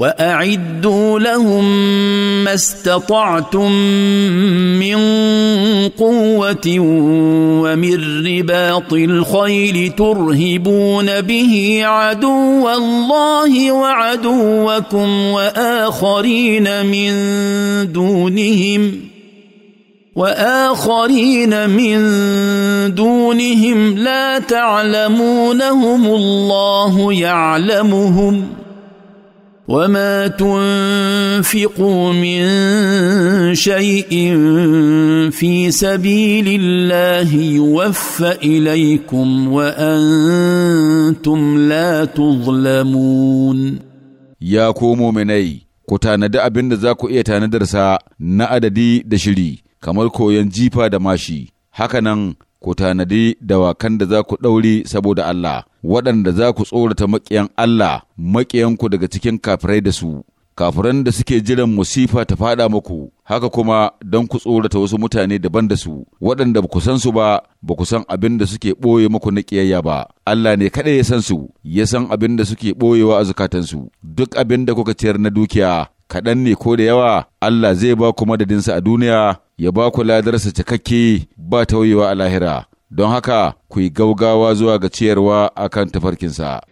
واعدوا لهم ما استطعتم من قوه ومن رباط الخيل ترهبون به عدو الله وعدوكم واخرين من دونهم واخرين من دونهم لا تعلمونهم الله يعلمهم وما تنفقوا من شيء في سبيل الله يوفى اليكم وانتم لا تظلمون يا كومو مني ku tanadi abin da za ku iya tanadarsa na adadi da shiri kamar koyon jifa da mashi haka nan ku tanadi da wakan da za ku ɗaure saboda Allah waɗanda za ku tsorata maƙiyan Allah maƙiyanku daga cikin kafirai da su, kafiran da suke jiran musifa ta faɗa muku, haka kuma don ku tsorata wasu mutane daban da su, waɗanda ba ku san su ba, ba ku san abin da suke ɓoye muku na ƙiyayya ba. Allah ne kaɗai ya san su, ya san abin da suke ɓoyewa a zukatansu, duk abin da kuka ciyar na dukiya, kaɗan ne ko da yawa, Allah zai ba ku madadinsa a duniya, ya ba ku ladarsa cikakke ba tauyewa a lahira. don haka ku yi gaugawa zuwa ga ciyarwa akan tafarkinsa.